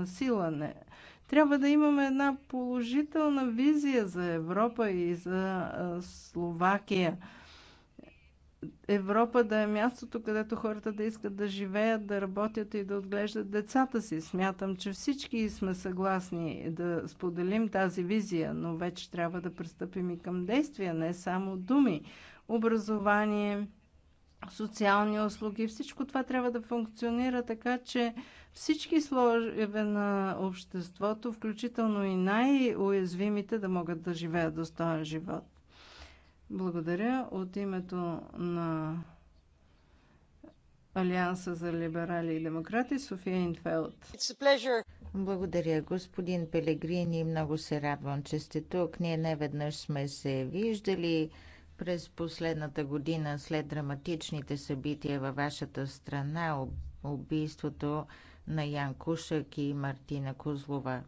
насилане. Трябва да имаме една положителна визия за Европа и за Словакия. Европа да е мястото, където хората да искат да живеят, да работят и да отглеждат децата си. Смятам, че всички сме съгласни да споделим тази визия, но вече трябва да пристъпим и към действия, не само думи. Образование, социални услуги. Всичко това трябва да функционира така, че всички слоеве на обществото, включително и най-уязвимите, да могат да живеят достоен живот. Благодаря от името на Алианса за либерали и демократи София Инфелд. Благодаря, господин Пелегрини. Много се радвам, че сте тук. Ние не веднъж сме се виждали. През последната година, след драматичните събития във вашата страна, убийството на Ян Кушък и Мартина Кузлова,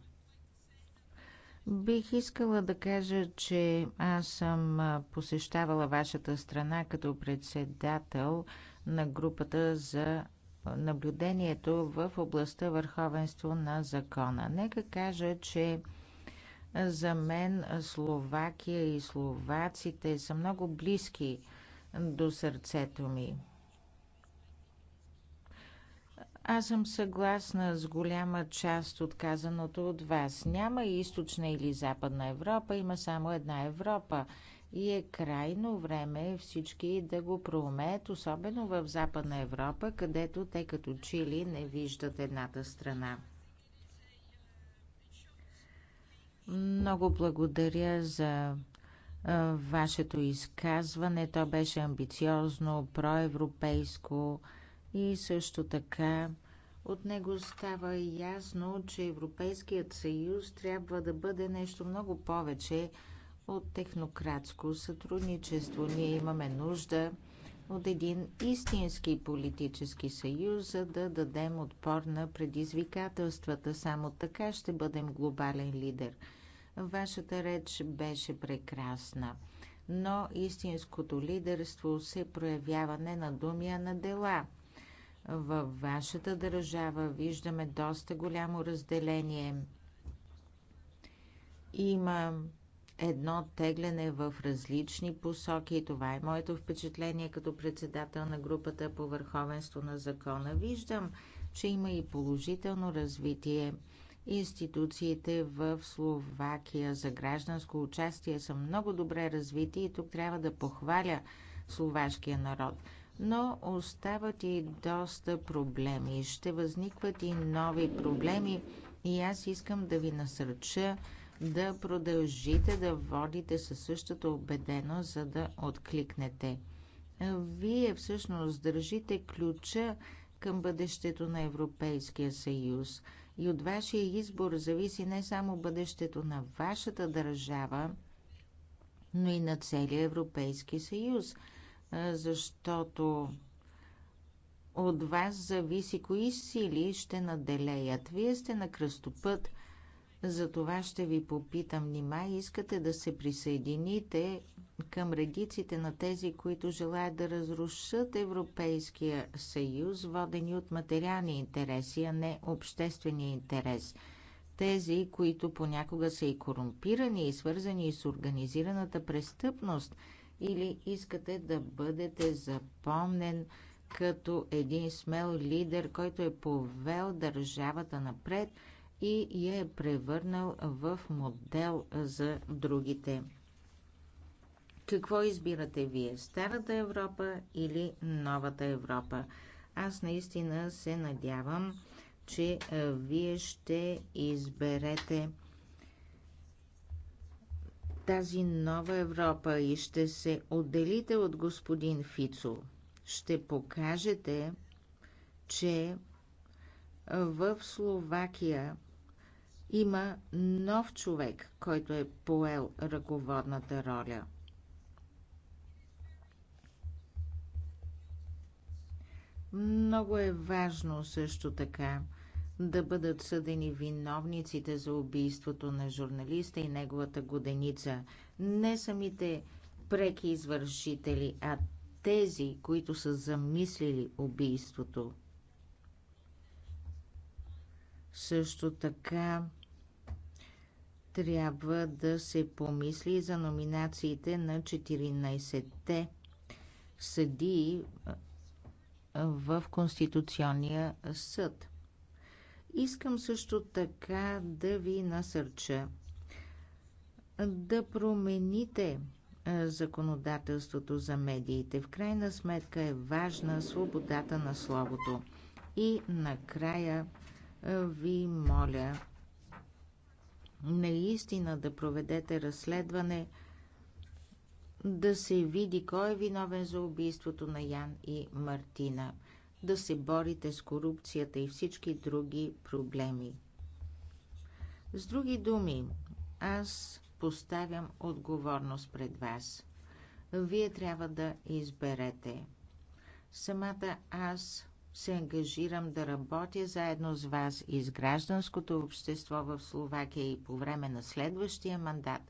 Бих искала да кажа, че аз съм посещавала вашата страна като председател на групата за наблюдението в областта върховенство на закона. Нека кажа, че за мен Словакия и словаците са много близки до сърцето ми. Аз съм съгласна с голяма част от казаното от вас. Няма източна или западна Европа, има само една Европа. И е крайно време всички да го проумеят, особено в Западна Европа, където те като чили не виждат едната страна. Много благодаря за вашето изказване. То беше амбициозно, проевропейско и също така от него става ясно, че Европейският съюз трябва да бъде нещо много повече от технократско сътрудничество. Ние имаме нужда от един истински политически съюз, за да дадем отпор на предизвикателствата. Само така ще бъдем глобален лидер. Вашата реч беше прекрасна, но истинското лидерство се проявява не на думи, а на дела. Във вашата държава виждаме доста голямо разделение. Има едно тегляне в различни посоки. Това е моето впечатление като председател на групата по върховенство на закона. Виждам, че има и положително развитие. Институциите в Словакия за гражданско участие са много добре развити и тук трябва да похваля словашкия народ. Но остават и доста проблеми. Ще възникват и нови проблеми и аз искам да ви насърча да продължите да водите със същата убеденост, за да откликнете. Вие всъщност държите ключа към бъдещето на Европейския съюз и от вашия избор зависи не само бъдещето на вашата държава, но и на целия Европейски съюз, защото от вас зависи кои сили ще наделеят. Вие сте на кръстопът – затова ще ви попитам, нима искате да се присъедините към редиците на тези, които желаят да разрушат Европейския съюз, водени от материални интереси, а не обществения интерес. Тези, които понякога са и корумпирани и свързани с организираната престъпност, или искате да бъдете запомнен като един смел лидер, който е повел държавата напред – и я е превърнал в модел за другите. Какво избирате вие? Старата Европа или новата Европа? Аз наистина се надявам, че вие ще изберете тази нова Европа и ще се отделите от господин Фицо. Ще покажете, че в Словакия има нов човек, който е поел ръководната роля. Много е важно също така да бъдат съдени виновниците за убийството на журналиста и неговата годеница. Не самите преки извършители, а тези, които са замислили убийството. Също така трябва да се помисли за номинациите на 14-те съдии в Конституционния съд. Искам също така да ви насърча да промените законодателството за медиите. В крайна сметка е важна свободата на словото. И накрая ви моля наистина да проведете разследване, да се види кой е виновен за убийството на Ян и Мартина, да се борите с корупцията и всички други проблеми. С други думи, аз поставям отговорност пред вас. Вие трябва да изберете. Самата аз се ангажирам да работя заедно с вас и с гражданското общество в Словакия и по време на следващия мандат,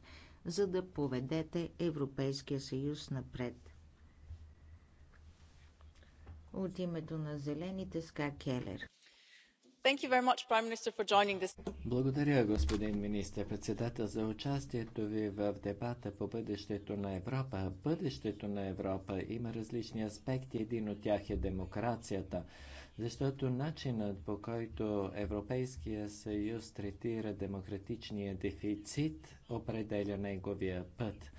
за да поведете Европейския съюз напред. От името на зелените Ска Келер. Благодаря, господин министър-председател, за участието ви в дебата по бъдещето на Европа. Бъдещето на Европа има различни аспекти. Един от тях е демокрацията, защото начинът по който Европейския съюз третира демократичния дефицит определя неговия път.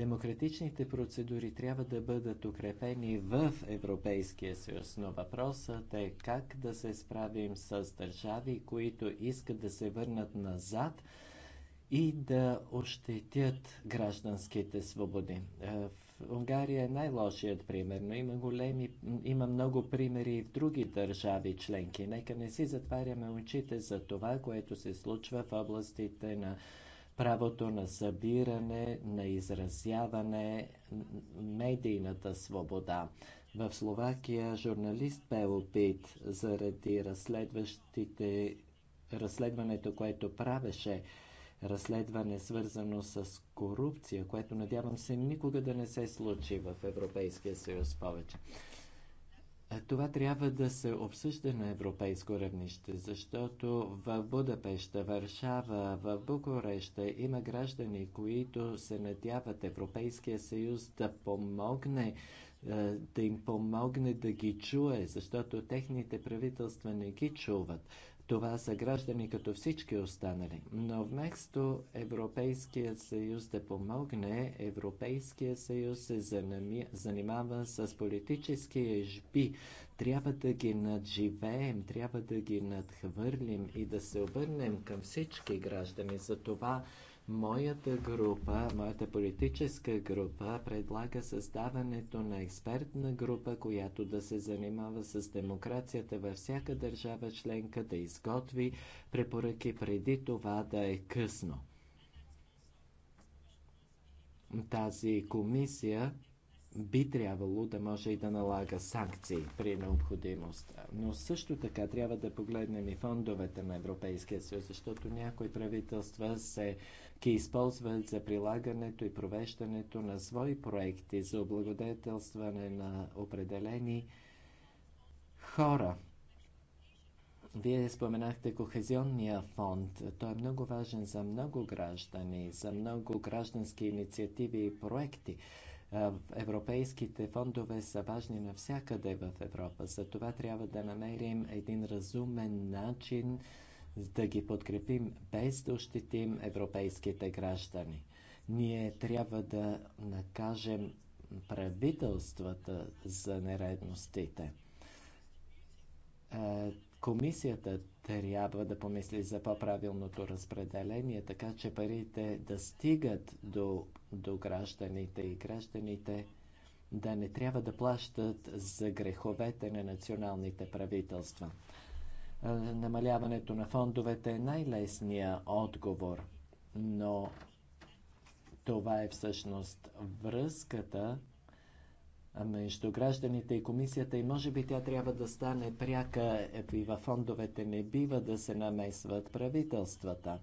Демократичните процедури трябва да бъдат укрепени в Европейския съюз, но въпросът е как да се справим с държави, които искат да се върнат назад и да ощетят гражданските свободи. Е, в Унгария е най-лошият пример, но има, големи, има много примери и в други държави членки. Нека не си затваряме очите за това, което се случва в областите на правото на събиране, на изразяване, медийната свобода. В Словакия журналист бе убит заради разследващите разследването, което правеше, разследване свързано с корупция, което надявам се никога да не се случи в Европейския съюз повече. Е, това трябва да се обсъжда на европейско равнище, защото в Будапеща, Варшава, в Букуреща има граждани, които се надяват Европейския съюз да помогне, е, да им помогне да ги чуе, защото техните правителства не ги чуват. Това са граждани като всички останали. Но вместо Европейският съюз да помогне, Европейският съюз се занимава с политически ежби. Трябва да ги надживеем, трябва да ги надхвърлим и да се обърнем към всички граждани. За това Моята група, моята политическа група предлага създаването на експертна група, която да се занимава с демокрацията във всяка държава членка, да изготви препоръки преди това да е късно. Тази комисия би трябвало да може и да налага санкции при необходимост. Но също така трябва да погледнем и фондовете на Европейския съюз, защото някои правителства се ги използват за прилагането и провеждането на свои проекти за облагодетелстване на определени хора. Вие споменахте Кохезионния фонд. Той е много важен за много граждани, за много граждански инициативи и проекти. Европейските фондове са важни навсякъде в Европа. За това трябва да намерим един разумен начин да ги подкрепим без да ощетим европейските граждани. Ние трябва да накажем правителствата за нередностите. Е, комисията трябва да помисли за по-правилното разпределение, така че парите да стигат до, до гражданите и гражданите да не трябва да плащат за греховете на националните правителства. Е, намаляването на фондовете е най-лесният отговор, но това е всъщност връзката между гражданите и комисията и може би тя трябва да стане пряка и във фондовете не бива да се намесват правителствата.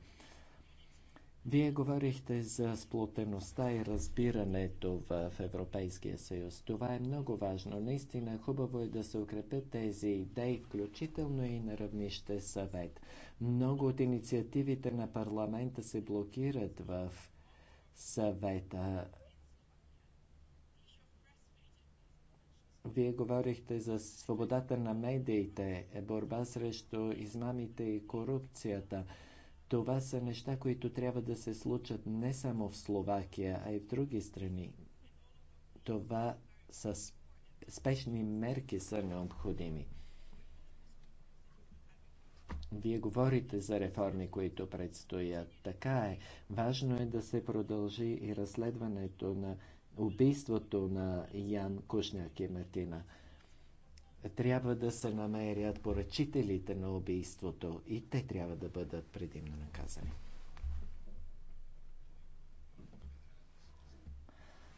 Вие говорихте за сплотеността и разбирането в Европейския съюз. Това е много важно. Наистина хубаво е да се укрепят тези идеи, включително и на равнище съвет. Много от инициативите на парламента се блокират в съвета. Вие говорихте за свободата на медиите, борба срещу измамите и корупцията – това са неща, които трябва да се случат не само в Словакия, а и в други страни. Това са спешни мерки са необходими. Вие говорите за реформи, които предстоят. Така е. Важно е да се продължи и разследването на убийството на Ян Кушняк и Мартина трябва да се намерят поръчителите на убийството и те трябва да бъдат предимно наказани.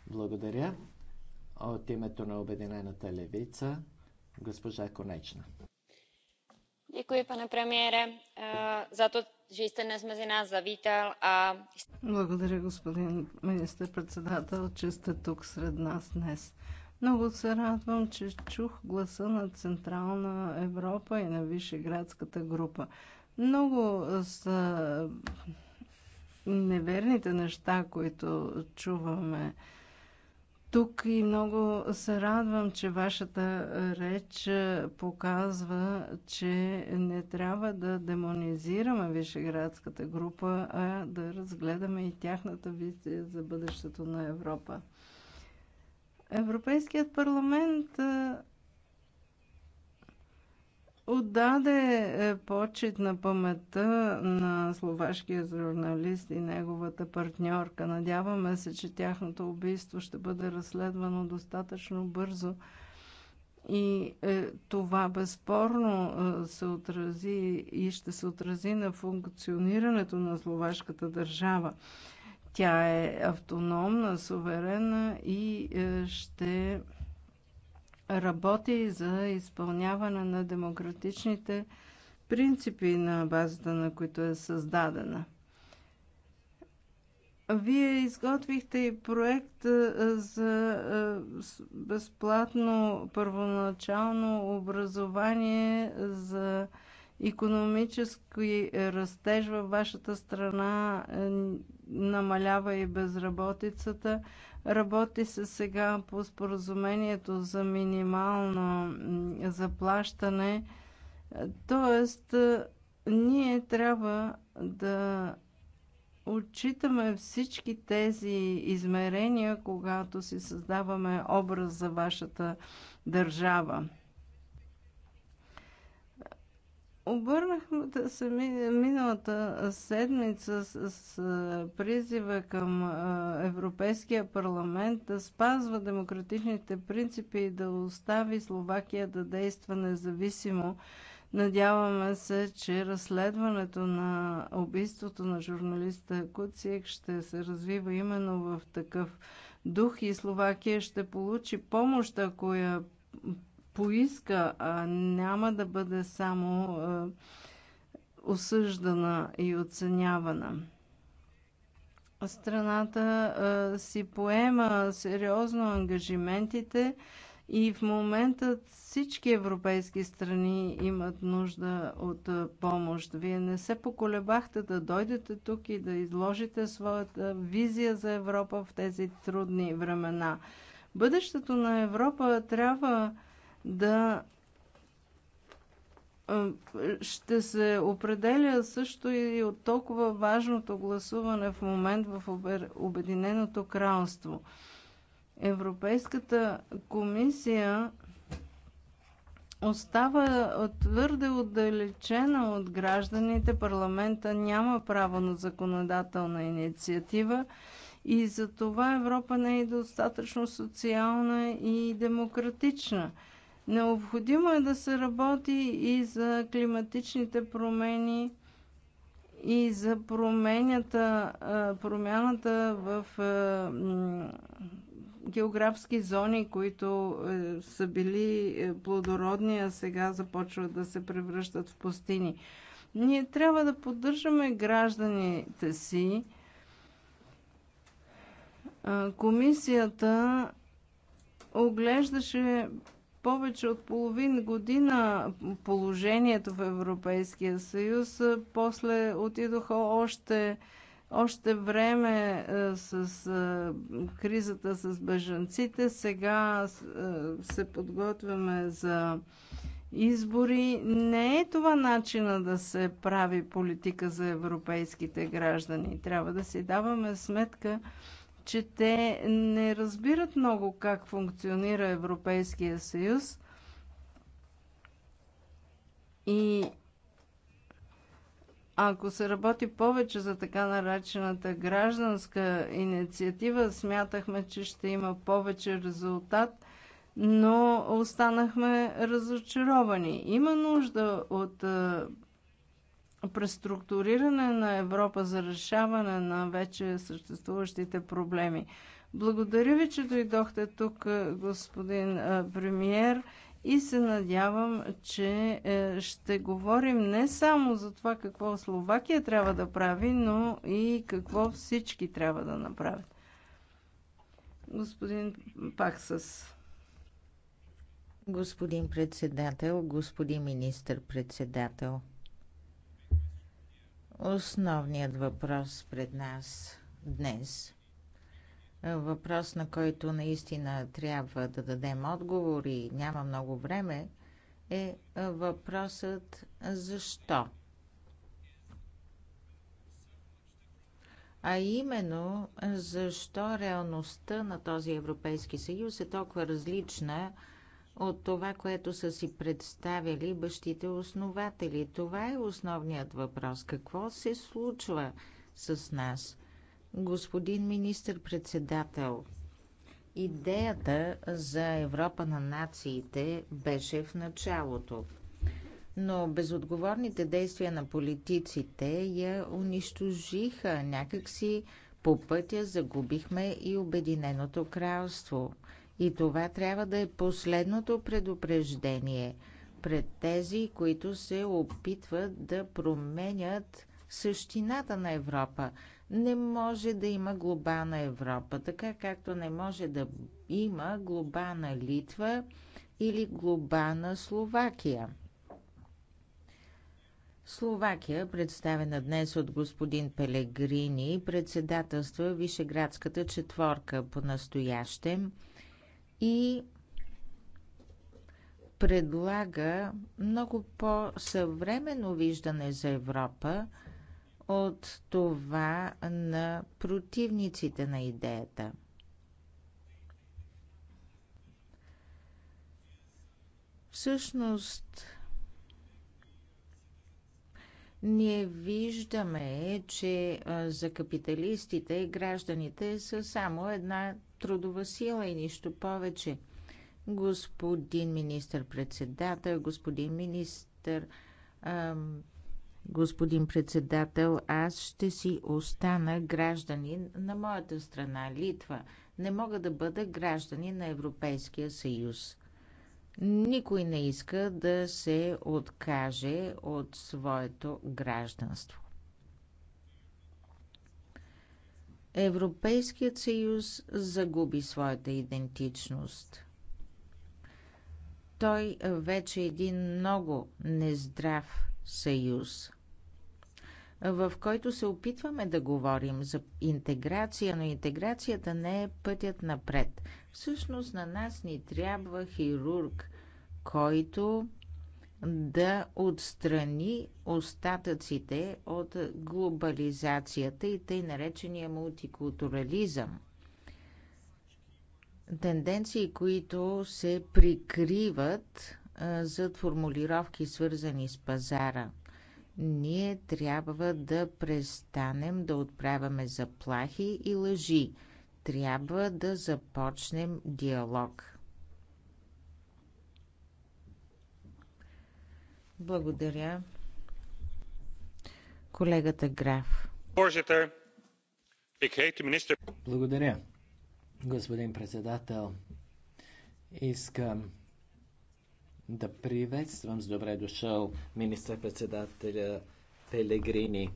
Благодаря. От името на Обединената левица, госпожа Конечна. Děkuji, pane premiére, eh, za to, že jste dnes mezi nás zavítal a... Благодаря, господин министър-председател, че сте тук сред нас днес. Много се радвам, че чух гласа на Централна Европа и на Вишеградската група. Много са неверните неща, които чуваме тук и много се радвам, че вашата реч показва, че не трябва да демонизираме Вишеградската група, а да разгледаме и тяхната визия за бъдещето на Европа. Европейският парламент отдаде е, почет на паметта на словашкия журналист и неговата партньорка. Надяваме се, че тяхното убийство ще бъде разследвано достатъчно бързо. И е, това безспорно е, се отрази и ще се отрази на функционирането на словашката държава. Тя е автономна, суверена и е, ще работи за изпълняване на демократичните принципи, на базата на които е създадена. Вие изготвихте и проект е, за е, безплатно първоначално образование за економически растеж във вашата страна намалява и безработицата. Работи се сега по споразумението за минимално заплащане. Тоест, ние трябва да отчитаме всички тези измерения, когато си създаваме образ за вашата държава. Обърнахме да се миналата седмица с, с призива към Европейския парламент да спазва демократичните принципи и да остави Словакия да действа независимо. Надяваме се, че разследването на убийството на журналиста Куциек ще се развива именно в такъв дух и Словакия ще получи помощ, ако я поиска, а няма да бъде само осъждана и оценявана. Страната си поема сериозно ангажиментите и в момента всички европейски страни имат нужда от помощ. Вие не се поколебахте да дойдете тук и да изложите своята визия за Европа в тези трудни времена. Бъдещето на Европа трябва да ще се определя също и от толкова важното гласуване в момент в Обединеното кралство. Европейската комисия остава твърде отдалечена от гражданите. Парламента няма право на законодателна инициатива и за това Европа не е достатъчно социална и демократична. Необходимо е да се работи и за климатичните промени, и за променята, промяната в географски зони, които е, са били е, плодородни, а сега започват да се превръщат в пустини. Ние трябва да поддържаме гражданите си. Комисията оглеждаше повече от половин година положението в Европейския съюз. После отидоха още, още време е, с е, кризата с бежанците. Сега е, се подготвяме за избори. Не е това начина да се прави политика за европейските граждани. Трябва да си даваме сметка, че те не разбират много как функционира Европейския съюз и ако се работи повече за така наречената гражданска инициатива, смятахме, че ще има повече резултат, но останахме разочаровани. Има нужда от преструктуриране на Европа за решаване на вече съществуващите проблеми. Благодаря ви, че дойдохте тук, е, господин е, премиер, и се надявам, че е, ще говорим не само за това какво Словакия трябва да прави, но и какво всички трябва да направят. Господин Паксас. Господин председател, господин министър-председател, Основният въпрос пред нас днес, въпрос на който наистина трябва да дадем отговор и няма много време, е въпросът защо. А именно защо реалността на този Европейски съюз е толкова различна от това, което са си представили бащите основатели. Това е основният въпрос. Какво се случва с нас? Господин министр-председател, идеята за Европа на нациите беше в началото. Но безотговорните действия на политиците я унищожиха. Някакси по пътя загубихме и Обединеното кралство – и това трябва да е последното предупреждение пред тези, които се опитват да променят същината на Европа. Не може да има глобална Европа, така както не може да има глобална Литва или глобална Словакия. Словакия, представена днес от господин Пелегрини, председателства Вишеградската четворка по настоящем – и предлага много по-съвременно виждане за Европа от това на противниците на идеята. Всъщност, ние виждаме, че за капиталистите и гражданите са само една трудова сила и нищо повече. Господин министър-председател, господин министър, ам, господин председател, аз ще си остана гражданин на моята страна, Литва. Не мога да бъда гражданин на Европейския съюз. Никой не иска да се откаже от своето гражданство. Европейският съюз загуби своята идентичност. Той вече е един много нездрав съюз, в който се опитваме да говорим за интеграция, но интеграцията не е пътят напред. Всъщност на нас ни трябва хирург, който да отстрани остатъците от глобализацията и тъй наречения мултикултурализъм. Тенденции, които се прикриват зад формулировки, свързани с пазара. Ние трябва да престанем да отправяме заплахи и лъжи. Трябва да започнем диалог. Благодаря. Колегата Граф. Благодаря, господин председател. Искам да приветствам с добре дошъл министър-председателя Пелегрини.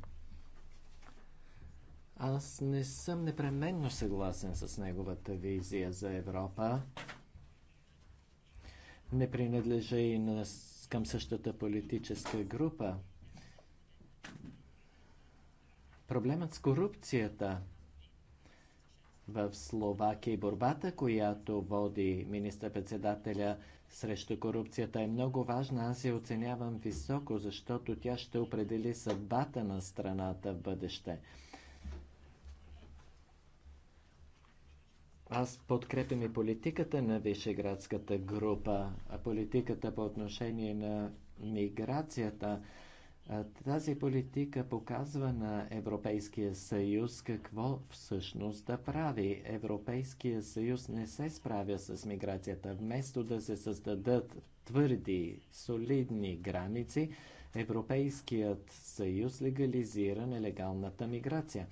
Аз не съм непременно съгласен с неговата визия за Европа. Не принадлежа и на към същата политическа група. Проблемът с корупцията в Словакия и борбата, която води министър-председателя срещу корупцията е много важна. Аз я оценявам високо, защото тя ще определи съдбата на страната в бъдеще. Аз подкрепям и политиката на Вишеградската група, политиката по отношение на миграцията. Тази политика показва на Европейския съюз какво всъщност да прави. Европейския съюз не се справя с миграцията. Вместо да се създадат твърди, солидни граници, Европейският съюз легализира нелегалната миграция.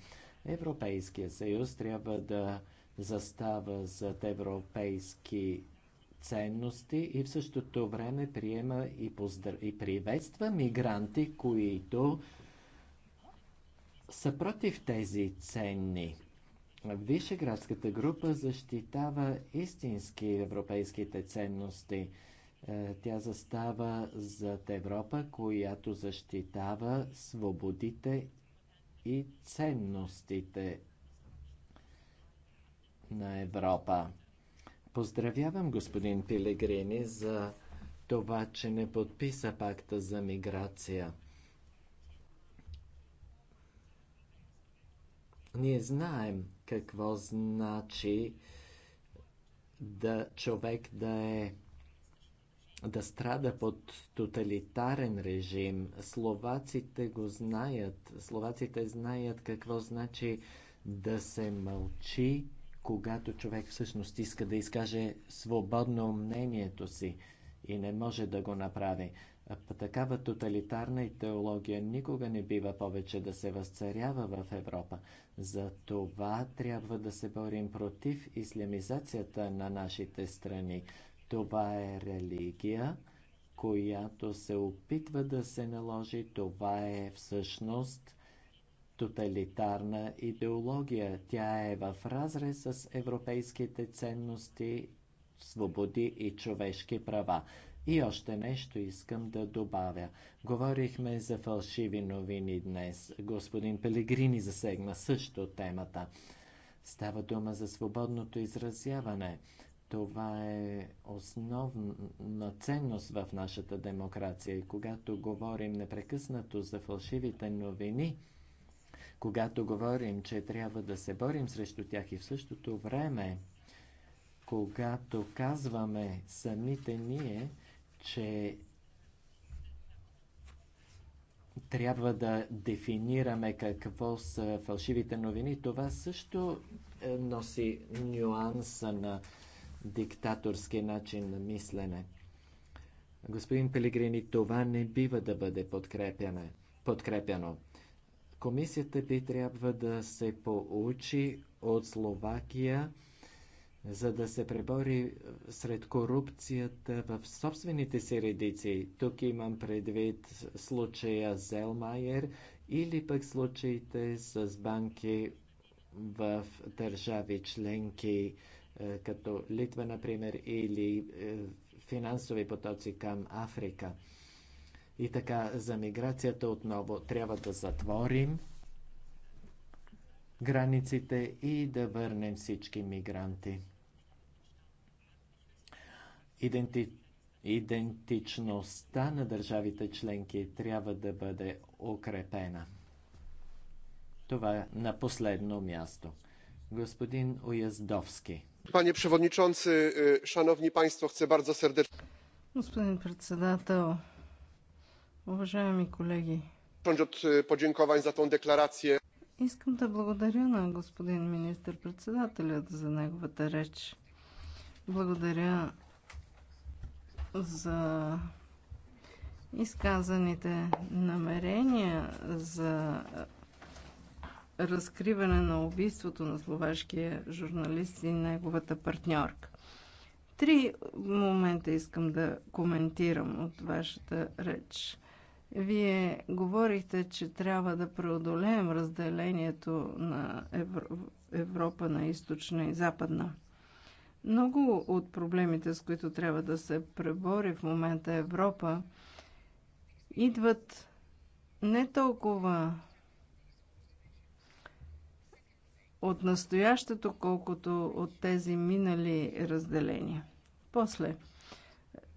Европейския съюз трябва да застава зад европейски ценности и в същото време приема и, и приветства мигранти, които са против тези ценни. Вишеградската група защитава истински европейските ценности. Е, тя застава зад Европа, която защитава свободите и ценностите на Европа. Поздравявам господин Пилигрини за това, че не подписа пакта за миграция. Ние знаем какво значи да човек да е да страда под тоталитарен режим. Словаците го знаят. Словаците знаят какво значи да се мълчи когато човек всъщност иска да изкаже свободно мнението си и не може да го направи. Такава тоталитарна идеология никога не бива повече да се възцарява в Европа. За това трябва да се борим против ислямизацията на нашите страни. Това е религия, която се опитва да се наложи. Това е всъщност тоталитарна идеология. Тя е в разрез с европейските ценности, свободи и човешки права. И още нещо искам да добавя. Говорихме за фалшиви новини днес. Господин Пелегрини засегна също темата. Става дума за свободното изразяване. Това е основна ценност в нашата демокрация. И когато говорим непрекъснато за фалшивите новини, когато говорим, че трябва да се борим срещу тях и в същото време, когато казваме самите ние, че трябва да дефинираме какво са фалшивите новини, това също е, носи нюанса на диктаторски начин на мислене. Господин Пелигрини, това не бива да бъде подкрепяне, подкрепяно. Комисията би трябва да се поучи от Словакия, за да се пребори сред корупцията в собствените си редици. Тук имам предвид случая Зелмайер или пък случаите с банки в държави членки, е, като Литва, например, или е, финансови потоци към Африка. И така, за миграцията отново трябва да затворим границите и да върнем всички мигранти. Иденти... Идентичността на държавите членки трябва да бъде укрепена. Това е на последно място. Господин Уяздовски. Panie przewodniczący, е, е, szanowni państwo, chcę bardzo serdecznie. Господин председател, Уважаеми колеги, e, Искам да благодаря на господин министър-председателят за неговата реч. Благодаря за изказаните намерения за разкриване на убийството на словашкия журналист и неговата партньорка. Три момента искам да коментирам от вашата реч – вие говорихте, че трябва да преодолеем разделението на Европа на източна и западна. Много от проблемите, с които трябва да се пребори в момента Европа, идват не толкова от настоящето, колкото от тези минали разделения. После,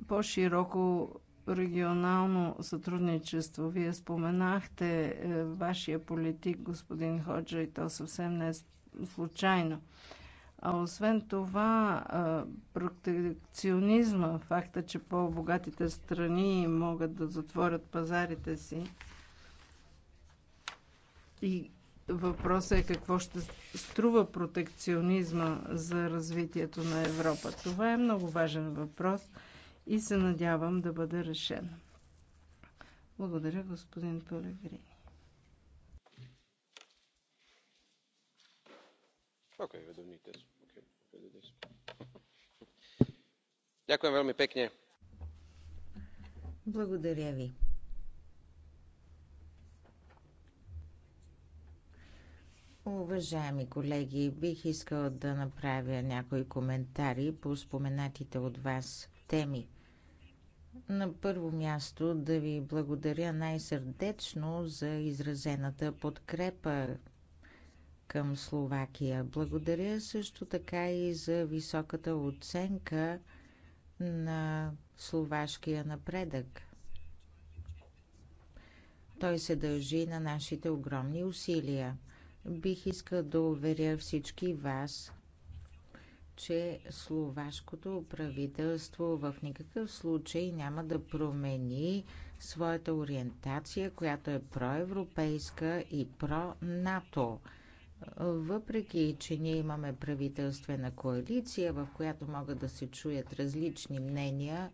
по-широко регионално сътрудничество. Вие споменахте е, вашия политик, господин Ходжа, и то съвсем не е случайно. А освен това, протекционизма, факта, че по-богатите страни могат да затворят пазарите си, и въпросът е какво ще струва протекционизма за развитието на Европа. Това е много важен въпрос – и се надявам да бъде решен. Благодаря, господин Пелегрини. Okay, Ďakujem veľmi пекне. Благодаря ви. Уважаеми колеги, бих искал да направя някои коментари по споменатите от вас теми. На първо място да ви благодаря най-сърдечно за изразената подкрепа към Словакия. Благодаря също така и за високата оценка на словашкия напредък. Той се дължи на нашите огромни усилия. Бих искал да уверя всички вас, че словашкото правителство в никакъв случай няма да промени своята ориентация, която е проевропейска и про-НАТО. Въпреки, че ние имаме правителствена коалиция, в която могат да се чуят различни мнения,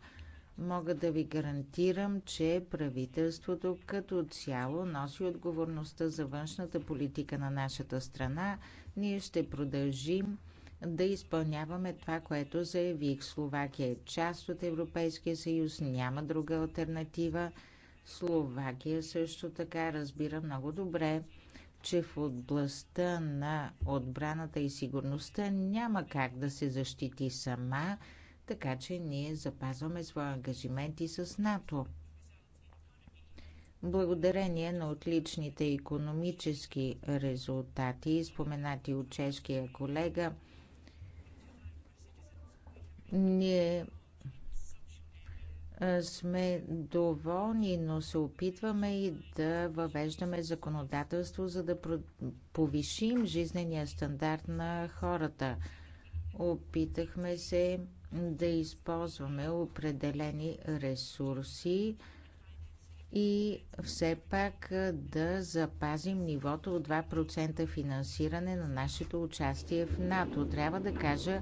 мога да ви гарантирам, че правителството като цяло носи отговорността за външната политика на нашата страна. Ние ще продължим да изпълняваме това, което заявих. Словакия е част от Европейския съюз, няма друга альтернатива. Словакия също така разбира много добре, че в областта на отбраната и сигурността няма как да се защити сама, така че ние запазваме своя ангажимент и с НАТО. Благодарение на отличните економически резултати, споменати от чешкия колега, ние сме доволни, но се опитваме и да въвеждаме законодателство, за да повишим жизнения стандарт на хората. Опитахме се да използваме определени ресурси и все пак да запазим нивото от 2% финансиране на нашето участие в НАТО. Трябва да кажа,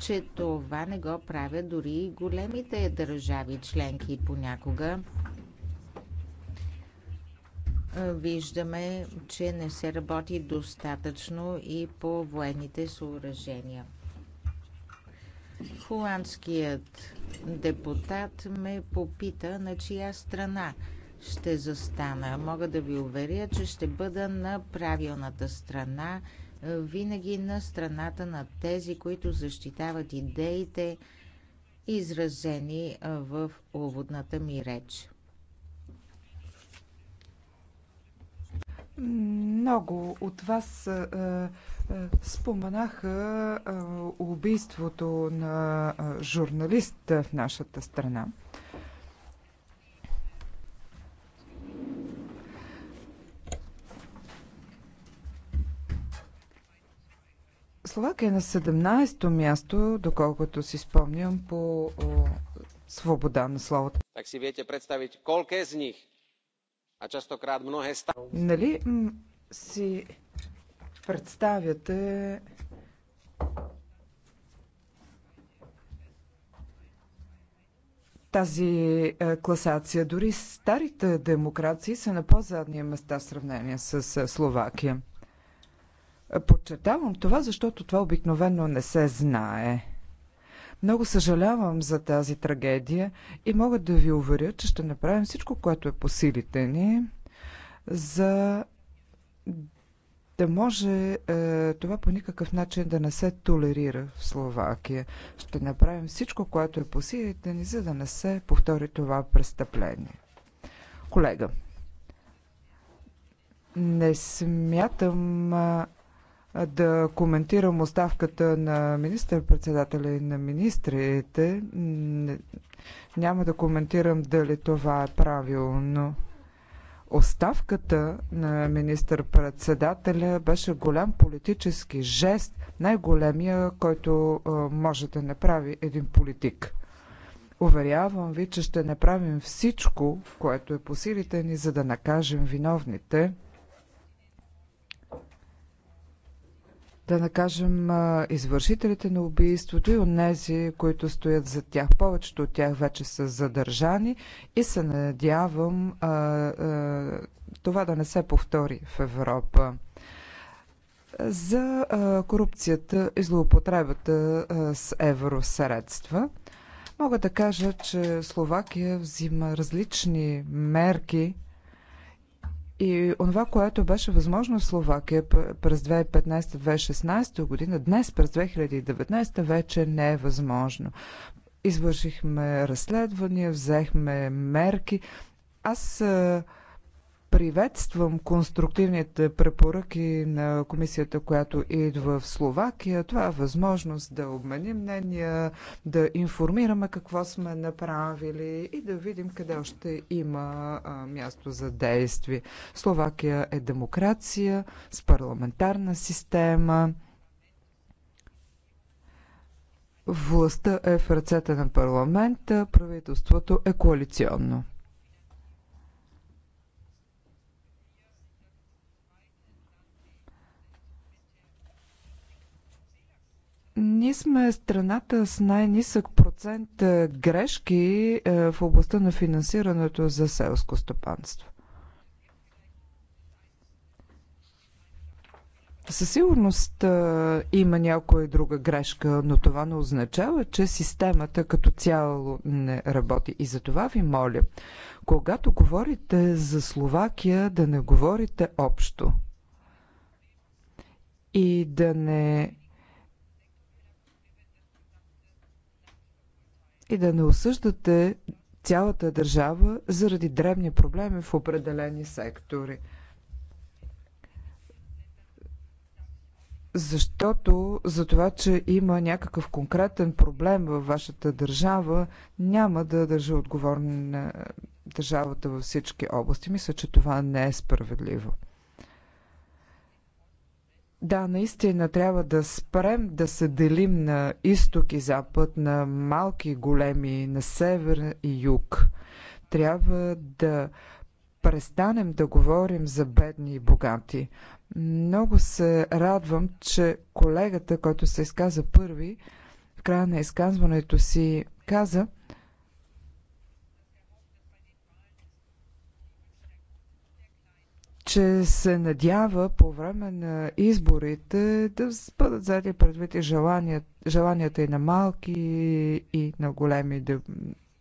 че това не го правят дори и големите държави членки понякога. Виждаме, че не се работи достатъчно и по военните съоръжения. Холандският депутат ме попита на чия страна ще застана. Мога да ви уверя, че ще бъда на правилната страна винаги на страната на тези, които защитават идеите, изразени в уводната ми реч. Много от вас е, споменаха е, убийството на журналист в нашата страна. Словакия е на 17-то място, доколкото си спомням, по о, свобода на словото. Так си вие представите колко е с них, а крат много е ста... Нали си представяте тази е, класация. Дори старите демокрации са на по-задния места в сравнение с е, Словакия. Подчертавам това, защото това обикновено не се знае. Много съжалявам за тази трагедия и мога да ви уверя, че ще направим всичко, което е по силите ни, за да може е, това по никакъв начин да не се толерира в Словакия. Ще направим всичко, което е по силите ни, за да не се повтори това престъпление. Колега, не смятам. Е, да коментирам оставката на министър-председателя и на министрите. Няма да коментирам дали това е правилно. Оставката на министър-председателя беше голям политически жест, най-големия, който може да направи един политик. Уверявам ви, че ще направим всичко, което е по силите ни, за да накажем виновните – да накажем извършителите на убийството и онези, които стоят за тях. Повечето от тях вече са задържани и се надявам а, а, това да не се повтори в Европа. За а, корупцията и злоупотребата а, с евросредства. Мога да кажа, че Словакия взима различни мерки и онова, което беше възможно в Словакия през 2015-2016 година, днес през 2019 вече не е възможно. Извършихме разследвания, взехме мерки. Аз Приветствам конструктивните препоръки на комисията, която идва в Словакия. Това е възможност да обменим мнения, да информираме какво сме направили и да видим къде още има място за действие. Словакия е демокрация с парламентарна система. Властта е в ръцете на парламента, правителството е коалиционно. Ние сме страната с най-нисък процент е, грешки е, в областта на финансирането за селско стопанство. Със сигурност е, има някоя друга грешка, но това не означава, че системата като цяло не работи. И за това ви моля, когато говорите за Словакия, да не говорите общо и да не и да не осъждате цялата държава заради дребни проблеми в определени сектори. Защото за това, че има някакъв конкретен проблем във вашата държава, няма да държа отговорна държавата във всички области. Мисля, че това не е справедливо. Да, наистина трябва да спрем да се делим на изток и запад, на малки и големи, на север и юг. Трябва да престанем да говорим за бедни и богати. Много се радвам, че колегата, който се изказа първи, в края на изказването си каза – че се надява по време на изборите да бъдат взети предвид и желанията, желанията и на малки и на големи, да,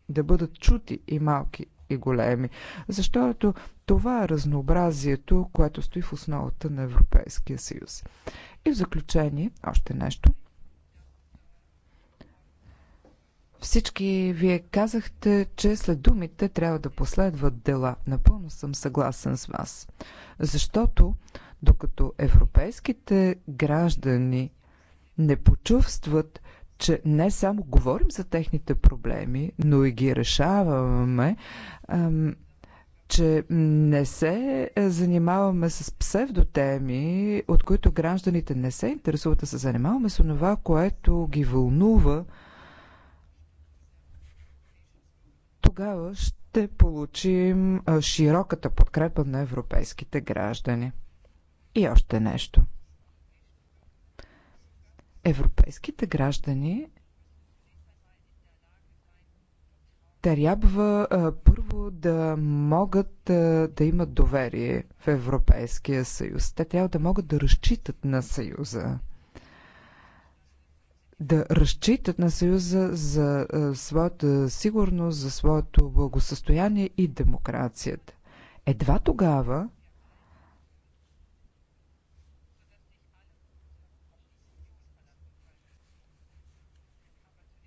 да бъдат чути и малки и големи. Защото това е разнообразието, което стои в основата на Европейския съюз. И в заключение, още нещо – Всички вие казахте, че след думите трябва да последват дела. Напълно съм съгласен с вас. Защото докато европейските граждани не почувстват, че не само говорим за техните проблеми, но и ги решаваме, че не се занимаваме с псевдотеми, от които гражданите не се интересуват, а се занимаваме с това, което ги вълнува тогава ще получим широката подкрепа на европейските граждани. И още нещо. Европейските граждани трябва първо да могат да имат доверие в Европейския съюз. Те трябва да могат да разчитат на съюза да разчитат на Съюза за своята сигурност, за своето благосъстояние и демокрацията. Едва тогава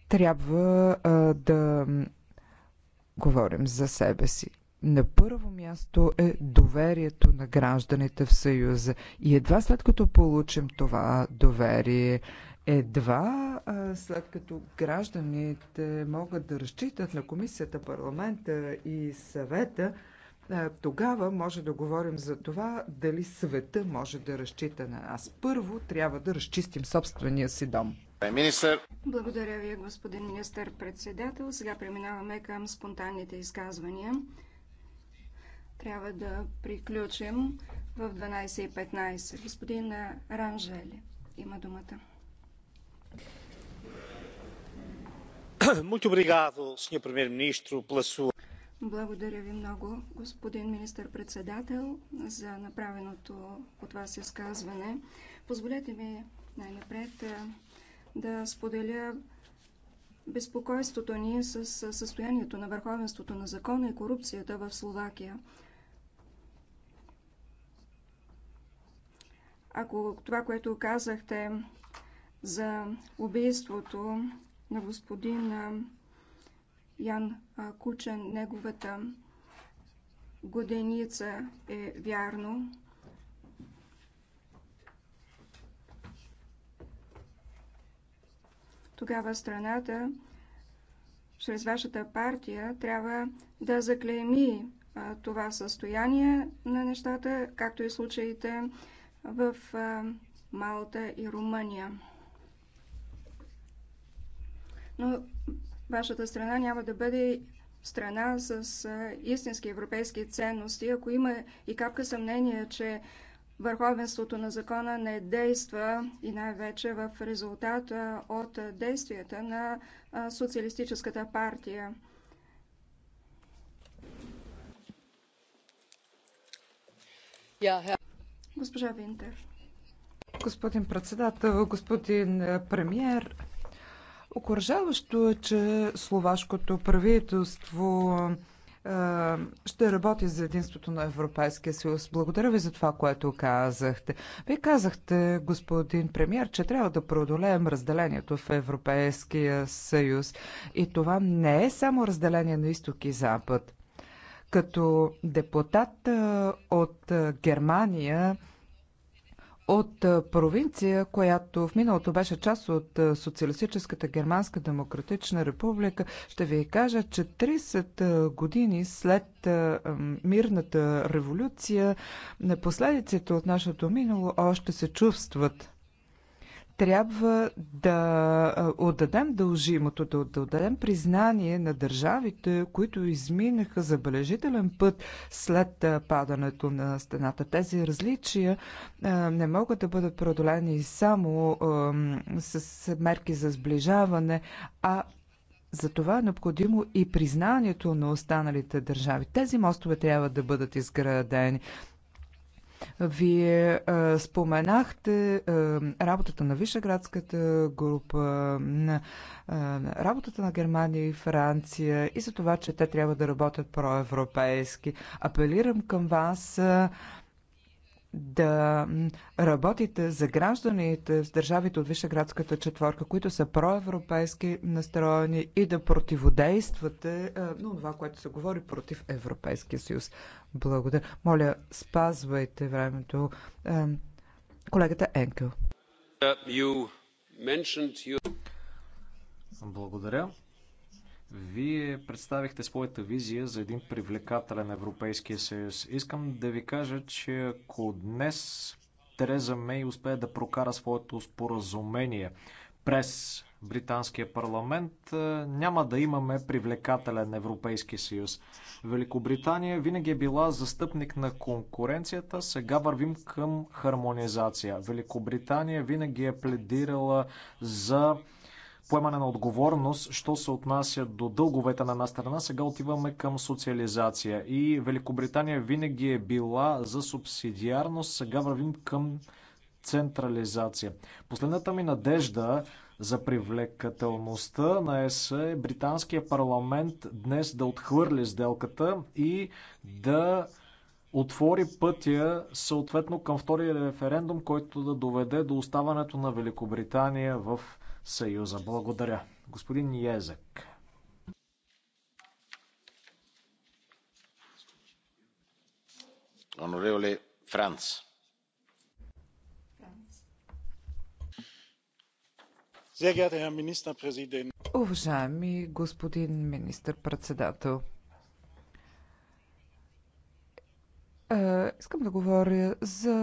трябва а, да говорим за себе си. На първо място е доверието на гражданите в Съюза. И едва след като получим това доверие, едва след като гражданите могат да разчитат на комисията, парламента и съвета, тогава може да говорим за това дали света може да разчита на нас. Първо трябва да разчистим собствения си дом. Министър. Благодаря ви, господин министър-председател. Сега преминаваме към спонтанните изказвания. Трябва да приключим в 12.15. Господин Ранжели има думата. Благодаря ви много, господин министър-председател, за направеното от вас изказване. Позволете ми най-напред да споделя безпокойството ни с състоянието на върховенството на закона и корупцията в Словакия. Ако това, което казахте за убийството на господин Ян Кучен. Неговата годеница е вярно. Тогава страната чрез вашата партия трябва да заклейми това състояние на нещата, както и е случаите в Малта и Румъния но вашата страна няма да бъде страна с истински европейски ценности. Ако има и капка съмнение, че върховенството на закона не действа и най-вече в резултат от действията на Социалистическата партия. Госпожа Винтер. Господин председател, господин премьер, Окоръжаващо е, че словашкото правителство ще работи за единството на Европейския съюз. Благодаря ви за това, което казахте. Вие казахте, господин премьер, че трябва да преодолеем разделението в Европейския съюз. И това не е само разделение на изток и запад. Като депутат от Германия, от провинция, която в миналото беше част от Социалистическата Германска Демократична република. Ще ви кажа, че 30 години след мирната революция, последиците от нашето минало още се чувстват трябва да отдадем дължимото, да отдадем признание на държавите, които изминаха забележителен път след падането на стената. Тези различия не могат да бъдат преодолени само с мерки за сближаване, а за това е необходимо и признанието на останалите държави. Тези мостове трябва да бъдат изградени. Вие а, споменахте а, работата на Вишеградската група, на а, работата на Германия и Франция и за това, че те трябва да работят проевропейски. Апелирам към вас а, да работите за гражданите с държавите от Вишеградската четворка, които са проевропейски настроени и да противодействате е, на това, което се говори против Европейския съюз. Благодаря. Моля, спазвайте времето. Е, колегата Енкел. Благодаря. Вие представихте своята визия за един привлекателен Европейския съюз. Искам да ви кажа, че ако днес Тереза Мей успее да прокара своето споразумение през британския парламент, е, няма да имаме привлекателен Европейски съюз. Великобритания винаги е била застъпник на конкуренцията, сега вървим към хармонизация. Великобритания винаги е пледирала за поемане на отговорност, що се отнася до дълговете на една страна, сега отиваме към социализация. И Великобритания винаги е била за субсидиарност, сега вървим към централизация. Последната ми надежда за привлекателността на ЕС е британския парламент днес да отхвърли сделката и да отвори пътя съответно към втория референдум, който да доведе до оставането на Великобритания в Съюза. Благодаря. Господин Язък. Оноревле Франц. Уважаеми господин министър-председател, Искам да говоря за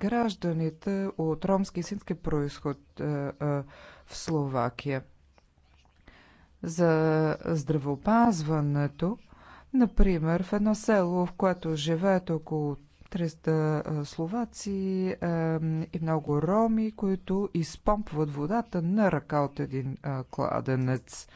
гражданите от ромски и сински происход в Словакия. За здравеопазването, например, в едно село, в което живеят около 300 словаци и много роми, които изпомпват водата на ръка от един кладенец.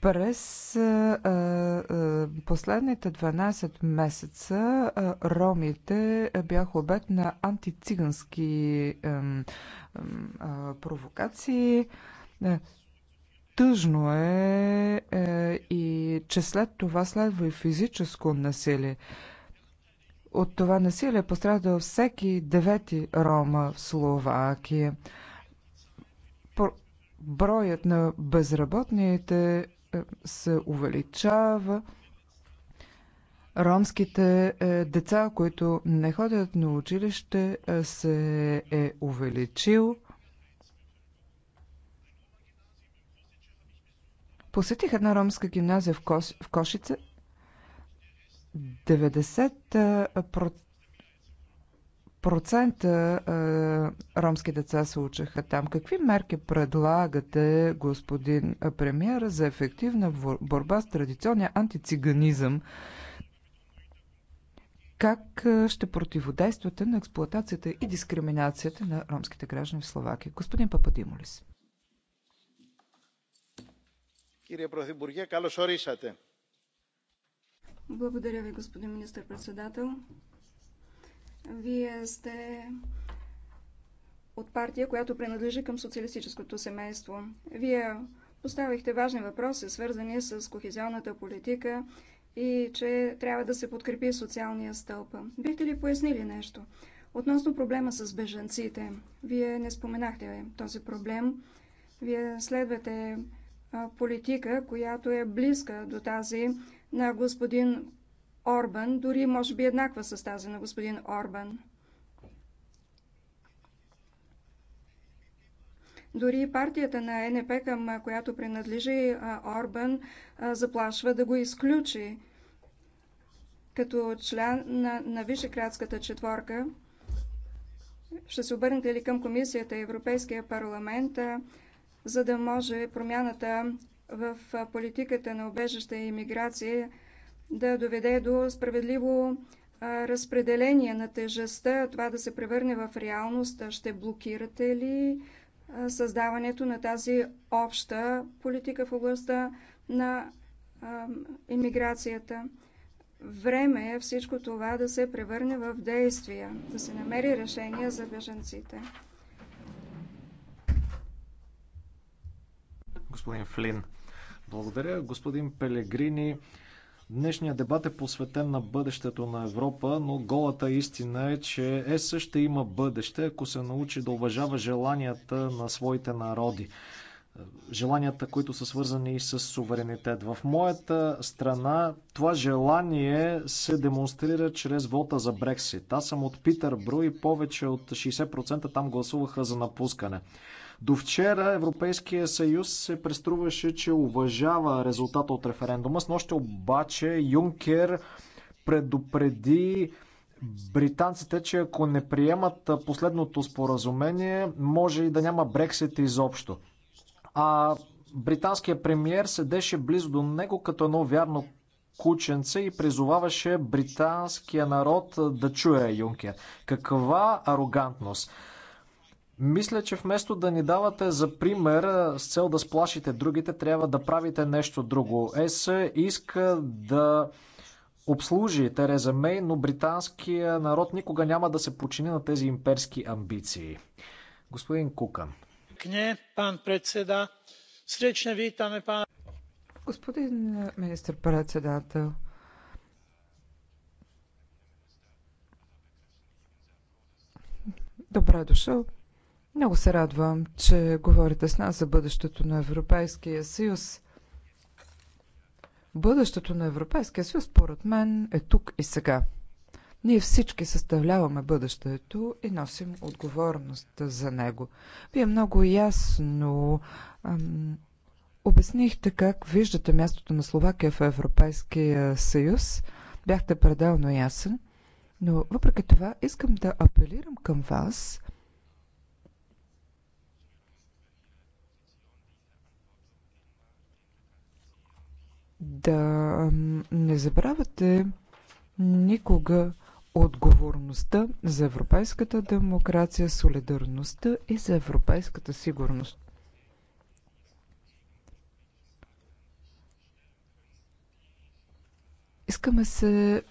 През а, а, последните 12 месеца а, ромите бяха обект на антицигански а, а, провокации. Е, тъжно е, е и че след това следва и физическо насилие. От това насилие пострадал всеки девети рома в Словакия. Броят на безработните се увеличава. Ромските е, деца, които не ходят на училище, е, се е увеличил. Посетих една ромска гимназия в, Кошице. 90% процента а, ромски деца се учеха там. Какви мерки предлагате, господин премьера, за ефективна борба с традиционния антициганизъм? Как ще противодействате на експлоатацията и дискриминацията на ромските граждани в Словакия? Господин Пападимолис. Кирия Профибургия, калош орисате. Благодаря ви, господин министър-председател. Вие сте от партия, която принадлежи към социалистическото семейство. Вие поставихте важни въпроси, свързани с кохезионната политика и че трябва да се подкрепи социалния стълб. Бихте ли пояснили нещо? Относно проблема с бежанците, вие не споменахте този проблем. Вие следвате политика, която е близка до тази на господин Орбан, дори може би еднаква с тази на господин Орбан. Дори партията на е НП, към която принадлежи Орбан, заплашва да го изключи като член на, на Вишеградската четворка. Ще се обърнете ли към Комисията и Европейския парламент, за да може промяната в политиката на обежаща и иммиграция да доведе до справедливо разпределение на тежестта, това да се превърне в реалност, ще блокирате ли създаването на тази обща политика в областта на иммиграцията? Време е всичко това да се превърне в действия, да се намери решение за беженците. Господин Флин, благодаря. Господин Пелегрини, Днешният дебат е посветен на бъдещето на Европа, но голата истина е, че ЕС ще има бъдеще, ако се научи да уважава желанията на своите народи. Желанията, които са свързани и с суверенитет. В моята страна това желание се демонстрира чрез вота за Брексит. Аз съм от Питър Бру и повече от 60% там гласуваха за напускане. До вчера Европейския съюз се преструваше, че уважава резултата от референдума. С нощи обаче Юнкер предупреди британците, че ако не приемат последното споразумение, може и да няма Брексит изобщо. А британският премьер седеше близо до него като едно вярно кученце и призоваваше британския народ да чуе Юнкер. Каква арогантност! Мисля, че вместо да ни давате за пример с цел да сплашите другите, трябва да правите нещо друго. ЕС иска да обслужи Тереза Мей, но британския народ никога няма да се почини на тези имперски амбиции. Господин Кукан. Кне, пан председа. Сречне витаме, пан. Господин министр-председател, добре дошъл много се радвам, че говорите с нас за бъдещето на Европейския съюз. Бъдещето на Европейския съюз, според мен, е тук и сега. Ние всички съставляваме бъдещето и носим отговорност за него. Вие много ясно ам, обяснихте как виждате мястото на Словакия в Европейския съюз. Бяхте пределно ясен. Но въпреки това искам да апелирам към вас да не забравяте никога отговорността за европейската демокрация, солидарността и за европейската сигурност. Искаме се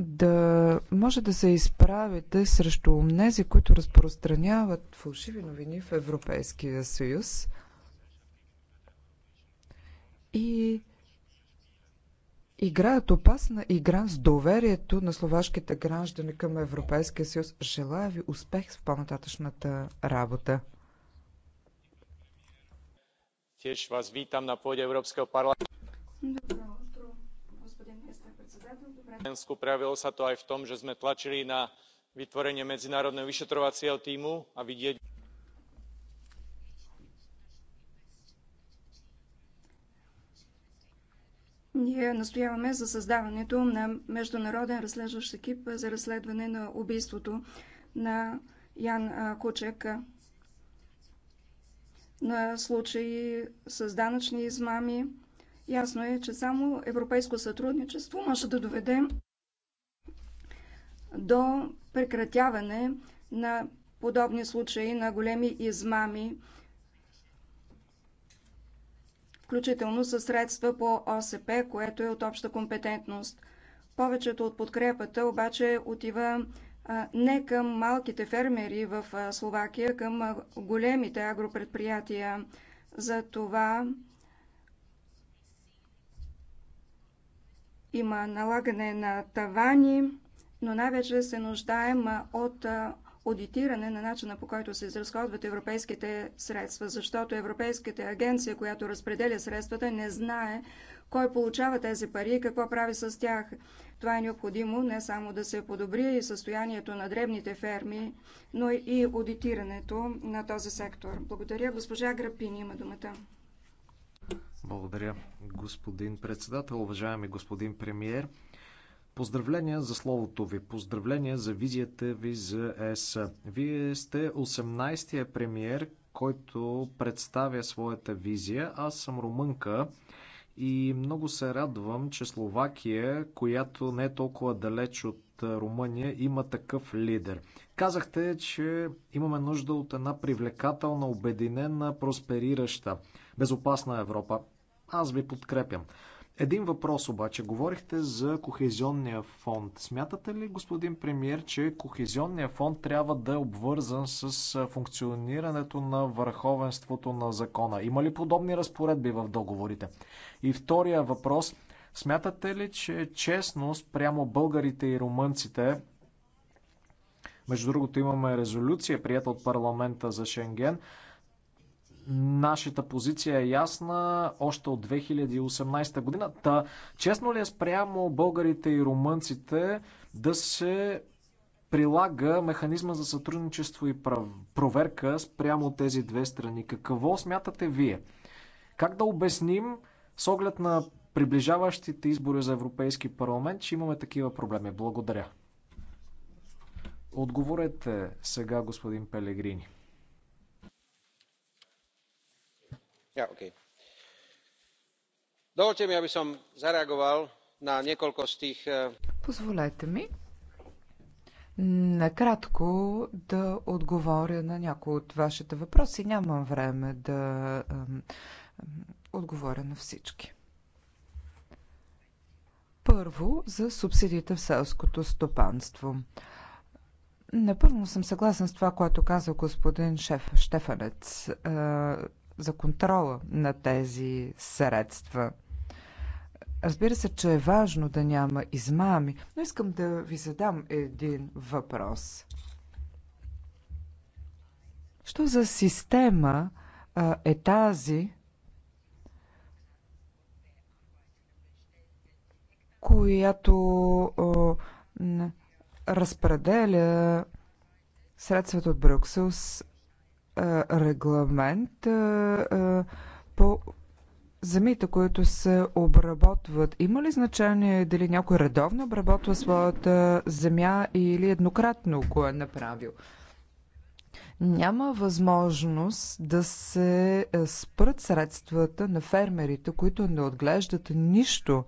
да може да се изправите срещу онези, които разпространяват фалшиви новини в Европейския съюз и играят опасна игра с доверието на словашките граждани към Европейския съюз. Желая ви успех в по-нататъчната работа. Теж вас витам на поле Европейския парламент. Добре, господин правило са това и в том, че сме тлачили на витворение международного вишетровацијал тиму, а видеть... Ние настояваме за създаването на международен разследващ екип за разследване на убийството на Ян Кучек на случаи с данъчни измами. Ясно е, че само европейско сътрудничество може да доведе до прекратяване на подобни случаи на големи измами включително със средства по ОСП, което е от обща компетентност. Повечето от подкрепата обаче отива не към малките фермери в Словакия, към големите агропредприятия. За това има налагане на тавани, но най-вече се нуждаем от аудитиране на начина по който се изразходват европейските средства, защото Европейската агенция, която разпределя средствата, не знае кой получава тези пари и какво прави с тях. Това е необходимо не само да се подобри и състоянието на дребните ферми, но и аудитирането на този сектор. Благодаря. Госпожа Грапини има думата. Благодаря, господин председател, уважаеми господин премиер. Поздравления за словото ви, поздравления за визията ви за ЕС. Вие сте 18-я премиер, който представя своята визия. Аз съм румънка и много се радвам, че Словакия, която не е толкова далеч от Румъния, има такъв лидер. Казахте, че имаме нужда от една привлекателна, обединена, просперираща, безопасна Европа. Аз ви подкрепям. Един въпрос обаче. Говорихте за Кохезионния фонд. Смятате ли, господин премьер, че Кохезионния фонд трябва да е обвързан с функционирането на върховенството на закона? Има ли подобни разпоредби в договорите? И втория въпрос. Смятате ли, че честност спрямо българите и румънците между другото имаме резолюция, прията от парламента за Шенген. Нашата позиция е ясна още от 2018 година. Та, честно ли е спрямо българите и румънците да се прилага механизма за сътрудничество и проверка спрямо тези две страни? Какво смятате вие? Как да обясним с оглед на приближаващите избори за Европейски парламент, че имаме такива проблеми? Благодаря. Отговорете сега, господин Пелегрини. dovoľte mi aby som zareagoval na niekoľko z tých. позволете ми накратко да отговоря на някои от вашите въпроси. Нямам време да отговоря на всички. Първо, за субсидиите в селското стопанство. Напълно съм съгласен с това, което каза господин Шеф, Штефанец за контрола на тези средства. Разбира се, че е важно да няма измами, но искам да ви задам един въпрос. Що за система а, е тази, която а, разпределя средствата от Брюксел регламент по земите, които се обработват, има ли значение дали някой редовно обработва своята земя или еднократно го е направил? Няма възможност да се е, спрат средствата на фермерите, които не отглеждат нищо.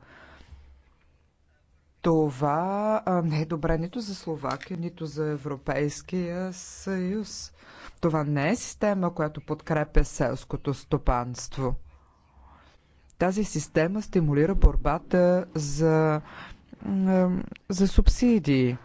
Това не е добре нито за Словакия, нито за Европейския съюз. Това не е система, която подкрепя селското стопанство. Тази система стимулира борбата за, за субсидии.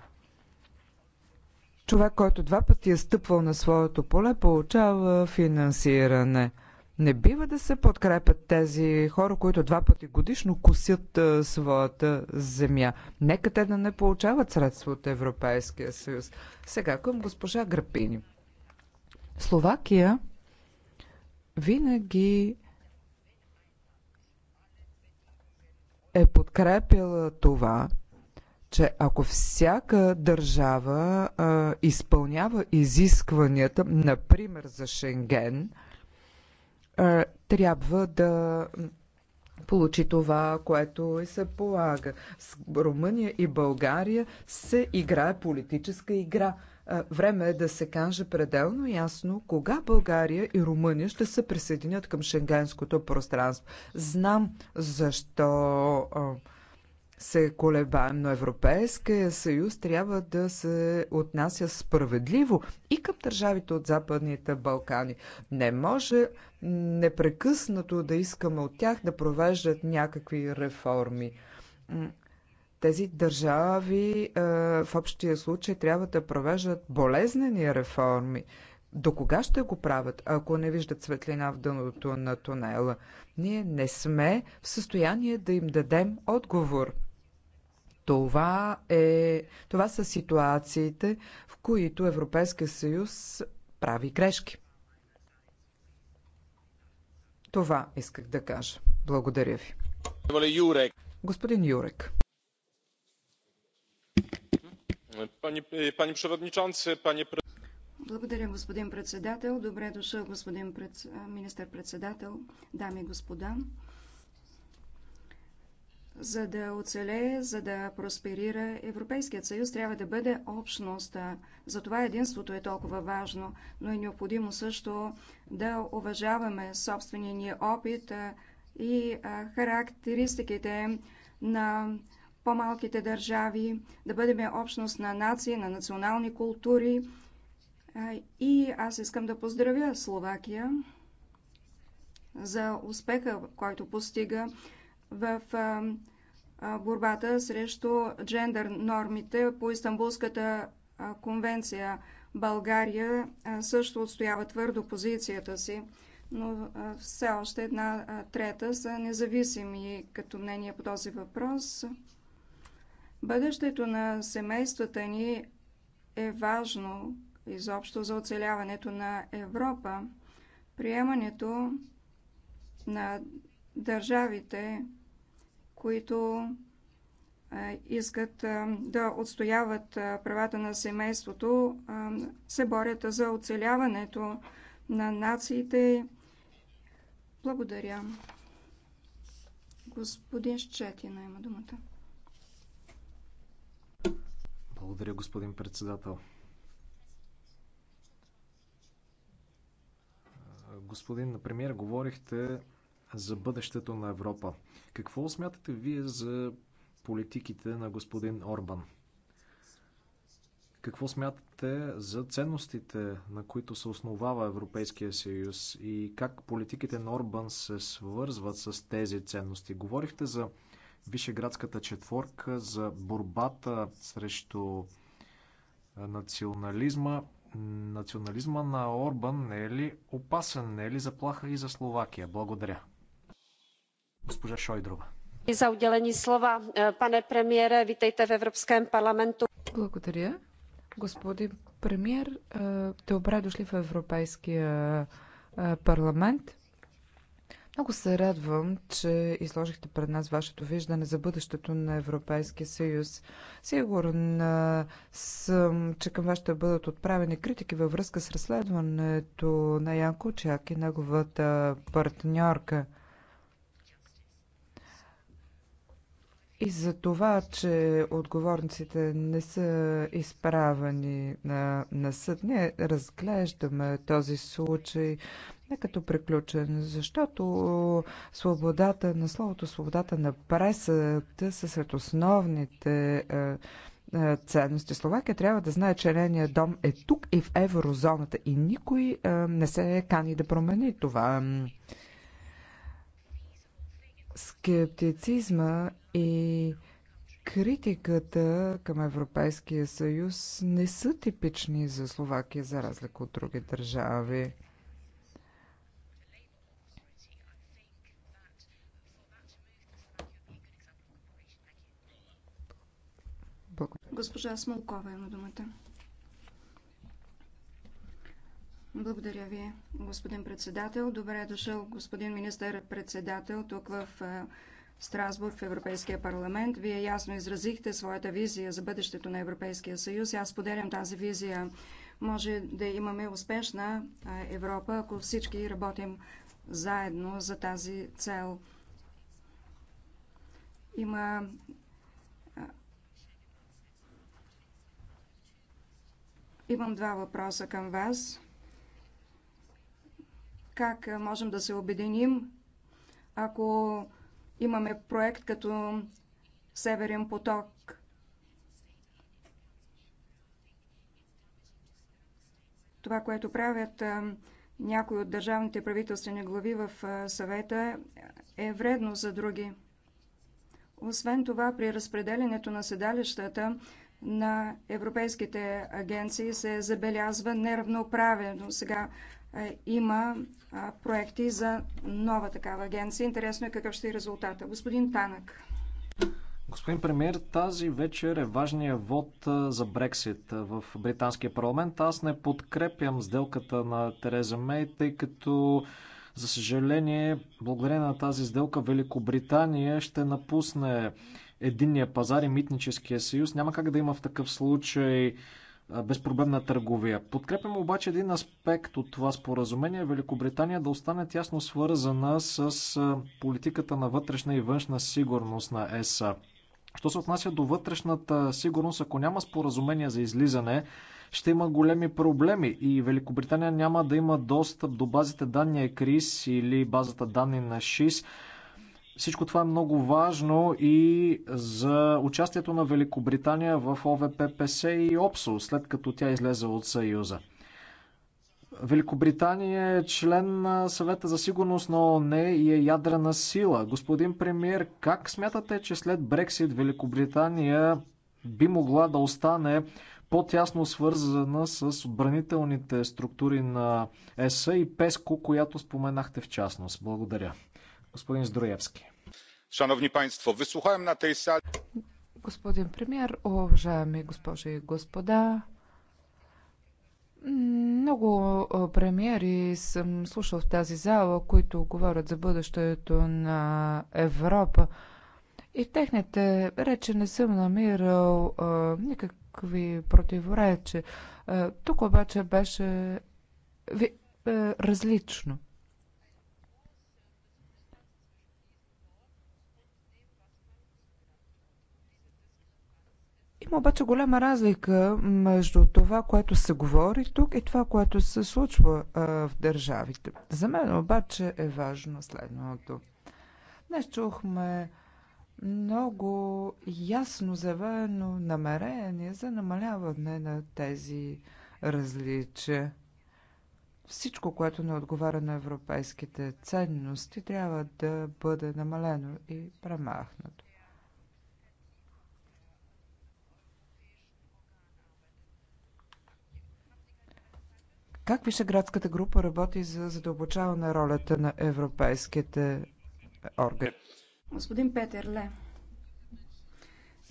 Човек, който два пъти е стъпвал на своето поле, получава финансиране. Не бива да се подкрепят тези хора, които два пъти годишно косят а, своята земя. Нека те да не получават средства от Европейския съюз. Сега към госпожа Грапини. Словакия винаги е подкрепила това, че ако всяка държава а, изпълнява изискванията, например за Шенген, а, трябва да получи това, което и се полага. С Румъния и България се играе политическа игра. Време е да се каже пределно ясно кога България и Румъния ще се присъединят към шенгенското пространство. Знам защо се колебаем, но Европейския съюз трябва да се отнася справедливо и към държавите от Западните Балкани. Не може непрекъснато да искаме от тях да провеждат някакви реформи. Тези държави е, в общия случай трябва да провеждат болезнени реформи. До кога ще го правят, ако не виждат светлина в дъното на тунела? Ние не сме в състояние да им дадем отговор. Това, е, това са ситуациите, в които Европейския съюз прави грешки. Това исках да кажа. Благодаря ви. Господин Юрек. E, Благодаря, господин председател. Добре дошъл, господин министър-председател, дами и господа. За да оцелее, за да просперира, Европейският съюз трябва да бъде общност. Затова единството е толкова важно, но е необходимо също да уважаваме собствения ни опит и характеристиките на по-малките държави, да бъдем общност на нации, на национални култури. И аз искам да поздравя Словакия за успеха, който постига в борбата срещу джендър нормите по Истанбулската конвенция. България също отстоява твърдо позицията си, но все още една трета са независими като мнение по този въпрос. Бъдещето на семействата ни е важно изобщо за оцеляването на Европа. Приемането на държавите, които искат да отстояват правата на семейството, се борят за оцеляването на нациите. Благодаря. Господин Щетина има думата. Благодаря, господин председател. Господин премьер, говорихте за бъдещето на Европа. Какво смятате вие за политиките на господин Орбан? Какво смятате за ценностите, на които се основава Европейския съюз и как политиките на Орбан се свързват с тези ценности? Говорихте за Вишеградската четворка за борбата срещу национализма. Национализма на Орбан не е ли опасен, не е ли заплаха и за Словакия? Благодаря. Госпожа Шойдрова. И за отделени слова. Пане премиере, витайте в Европейском парламенту. Благодаря. Господин премиер, добре дошли в Европейския парламент. Много се радвам, че изложихте пред нас вашето виждане за бъдещето на Европейския съюз. Сигурен съм, че към вас ще бъдат отправени критики във връзка с разследването на Янко Чак и неговата партньорка. И за това, че отговорниците не са изправени на, на съд, ние разглеждаме този случай не като приключен, защото свободата на словото, свободата на пресата са сред основните ценности. Словакия трябва да знае, че нейният дом е тук и в еврозоната и никой не се кани да промени това. Скептицизма и критиката към Европейския съюз не са типични за Словакия, за разлика от други държави. Благодаря. Госпожа Смолкова има думата. Благодаря ви, господин председател. Добре е дошъл, господин министър-председател, тук в е, Страсбург в Европейския парламент. Вие ясно изразихте своята визия за бъдещето на Европейския съюз. Аз поделям тази визия. Може да имаме успешна е, Европа, ако всички работим заедно за тази цел. Има Имам два въпроса към вас. Как можем да се обединим, ако имаме проект като Северен поток? Това, което правят някои от държавните правителствени глави в съвета, е вредно за други. Освен това, при разпределенето на седалищата на европейските агенции се забелязва неравноправено. Сега е, има проекти за нова такава агенция. Интересно е какъв ще е резултата. Господин Танък. Господин премьер, тази вечер е важният вод за Брексит в британския парламент. Аз не подкрепям сделката на Тереза Мей, тъй като за съжаление, благодарение на тази сделка Великобритания ще напусне единния пазар и митническия съюз. Няма как да има в такъв случай безпроблемна търговия. Подкрепям обаче един аспект от това споразумение Великобритания да остане тясно свързана с политиката на вътрешна и външна сигурност на ЕСА. Що се отнася до вътрешната сигурност, ако няма споразумение за излизане, ще има големи проблеми и Великобритания няма да има достъп до базите данни ЕКРИС или базата данни на ШИС. Всичко това е много важно и за участието на Великобритания в ОВППС и ОПСО, след като тя излезе от Съюза. Великобритания е член на съвета за сигурност на ОНЕ и е ядрена сила. Господин премьер, как смятате, че след Брексит Великобритания би могла да остане по-тясно свързана с отбранителните структури на ЕС и ПЕСКО, която споменахте в частност? Благодаря. Господин Здроевски. Шановни панство, на Господин премьер, уважаеми госпожи и господа, много премиери съм слушал в тази зала, които говорят за бъдещето на Европа. И в техните речи не съм намирал а, никакви противоречия. Тук обаче беше ви, а, различно. Има обаче голяма разлика между това, което се говори тук и това, което се случва а, в държавите. За мен обаче е важно следното. Днес чухме много ясно заведено намерение за намаляване на тези различия. Всичко, което не отговаря на европейските ценности, трябва да бъде намалено и премахнато. Как Вишеградската група работи за задълбочаване ролята на европейските органи? Господин Петерле,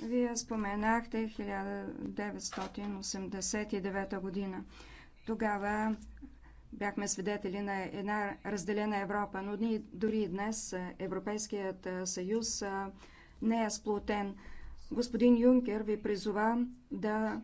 вие споменахте 1989 година. Тогава бяхме свидетели на една разделена Европа, но ние дори и днес Европейският съюз не е сплотен. Господин Юнкер ви призова да